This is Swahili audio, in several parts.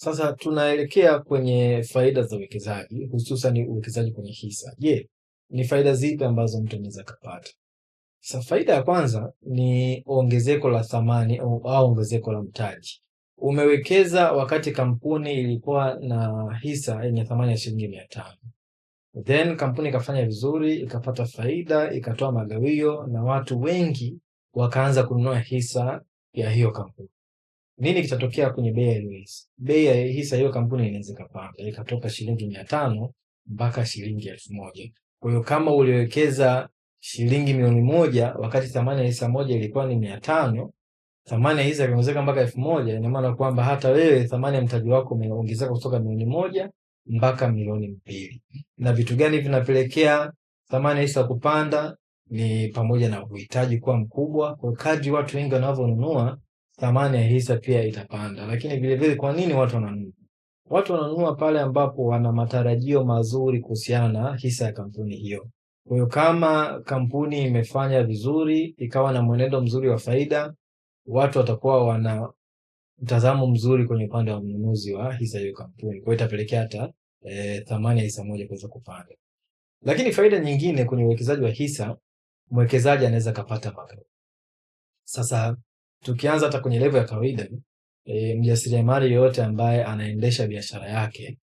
Sasa tunaelekea kwenye faida za uwekezaji, hususan uwekezaji kwenye hisa. Je, ni faida zipi ambazo mtu anaweza kupata? Sasa faida ya kwanza ni ongezeko la thamani au ongezeko la mtaji. Umewekeza wakati kampuni ilikuwa na hisa yenye thamani ya shilingi mia tano then kampuni ikafanya vizuri, ikapata faida, ikatoa magawio na watu wengi wakaanza kununua hisa ya hiyo kampuni nini kitatokea kwenye bei ya hisa? Bei ya hisa hiyo kampuni inaweza ikapanda ikatoka shilingi mia tano mpaka shilingi elfu moja. Kwa hiyo kama uliwekeza shilingi milioni moja wakati thamani ya hisa moja ilikuwa ni mia tano, thamani ya hisa ikaongezeka mpaka elfu moja. Ina maana kwamba hata wewe thamani ya mtaji wako umeongezeka kutoka milioni moja mpaka milioni mbili. Na vitu gani vinapelekea thamani ya hisa kupanda? Ni pamoja na uhitaji kuwa mkubwa, kwa kadri watu wengi wanavyonunua thamani ya hisa pia itapanda. Lakini vilevile, kwa nini watu wananunua? Watu wananunua pale ambapo wana matarajio mazuri kuhusiana na hisa ya kampuni hiyo. Kwa hiyo kama kampuni imefanya vizuri, ikawa na mwenendo mzuri wa faida, watu watakuwa wana mtazamo mzuri kwenye upande wa mnunuzi wa hisa hiyo kampuni. Kwa hiyo itapelekea hata e, thamani ya hisa moja kuweza kupanda. Lakini faida nyingine kwenye uwekezaji wa hisa, mwekezaji anaweza kapata mapato. Sasa Tukianza hata kwenye level ya kawaida e, mjasiriamali yoyote ambaye anaendesha biashara yake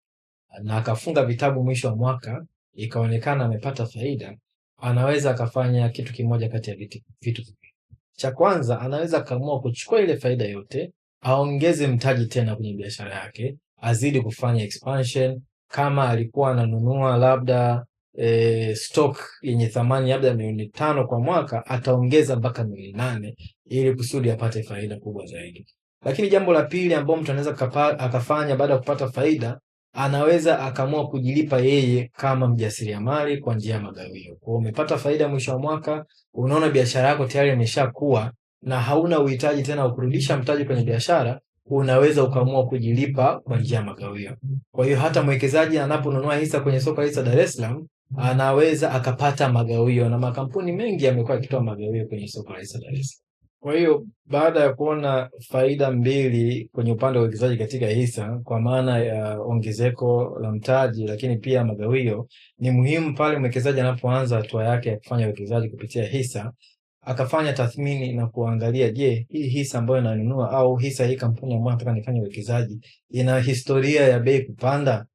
na akafunga vitabu mwisho wa mwaka ikaonekana amepata faida, anaweza akafanya kitu kimoja kati ya vitu viwili. Cha kwanza, anaweza akaamua kuchukua ile faida yote aongeze mtaji tena kwenye biashara yake, azidi kufanya expansion. Kama alikuwa ananunua labda e, stock yenye thamani labda milioni tano kwa mwaka ataongeza mpaka milioni nane ili kusudi apate faida kubwa zaidi. Lakini jambo la pili ambao mtu anaweza akafanya baada ya kupata faida, anaweza akaamua kujilipa yeye kama mjasiriamali kwa njia ya magawio. Kwa umepata faida mwisho wa mwaka, unaona biashara yako tayari imeshakuwa na hauna uhitaji tena wa kurudisha mtaji kwenye biashara, unaweza ukaamua kujilipa kwa njia ya magawio. Kwa hiyo hata mwekezaji anaponunua hisa kwenye soko la hisa Dar es Salaam anaweza akapata magawio, na makampuni mengi yamekuwa yakitoa magawio kwenye soko la hisa Dar es Kwa hiyo baada ya kuona faida mbili kwenye upande wa uwekezaji katika hisa, kwa maana ya ongezeko la mtaji, lakini pia magawio, ni muhimu pale mwekezaji anapoanza hatua yake ya kufanya uwekezaji kupitia hisa akafanya tathmini na kuangalia, je, hii hisa ambayo inanunua au hisa hii kampuni ambayo nataka nifanye uwekezaji ina historia ya bei kupanda?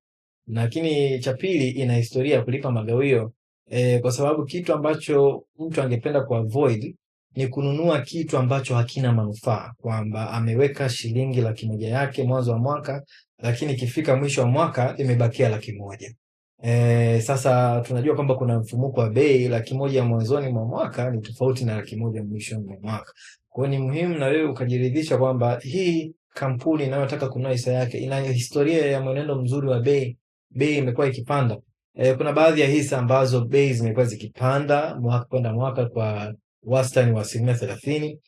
lakini cha pili, ina historia ya kulipa magawio e, kwa sababu kitu ambacho mtu angependa kuavoid ni kununua kitu ambacho hakina manufaa, kwamba ameweka shilingi laki moja yake mwanzo wa mwaka, lakini ikifika mwisho wa mwaka imebakia laki moja. E, sasa tunajua kwamba kuna mfumuko wa bei. Laki moja mwanzoni mwa mwaka ni tofauti na laki moja mwishoni mwa mwaka. kwao ni muhimu na wewe ukajiridhisha kwamba hii kampuni inayotaka kunua hisa yake ina historia ya mwenendo mzuri wa bei bei imekuwa ikipanda. E, kuna baadhi ya hisa ambazo bei zimekuwa zikipanda mwaka kwenda mwaka kwa wastani wa asilimia thelathini,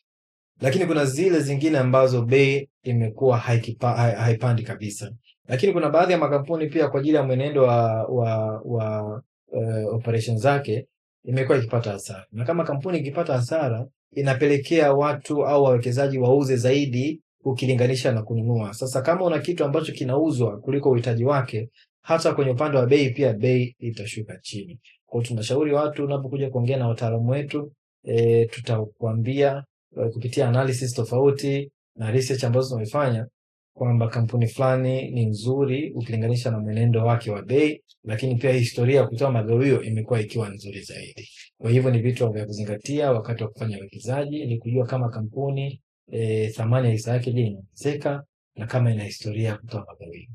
lakini kuna zile zingine ambazo bei imekuwa haipandi kabisa. Lakini kuna baadhi ya makampuni pia kwa ajili ya mwenendo wa, wa, wa uh, operation zake imekuwa ikipata hasara, na kama kampuni ikipata hasara inapelekea watu au wawekezaji wauze zaidi ukilinganisha na kununua. Sasa kama una kitu ambacho kinauzwa kuliko uhitaji wake, hasa kwenye upande wa bei, pia bei itashuka chini. Kwa hiyo tunashauri watu, unapokuja kuongea na wataalamu wetu e, tutakuambia e, kupitia analysis tofauti na research ambazo tumefanya kwamba kampuni fulani ni nzuri ukilinganisha na mwenendo wake wa bei, lakini pia historia ya kutoa magawio imekuwa ikiwa nzuri zaidi. Kwa hivyo ni vitu vya kuzingatia wakati wa kufanya uwekezaji, ni kujua kama kampuni e, thamani ya hisa yake je, inaongezeka na kama ina historia ya kutoa magawio.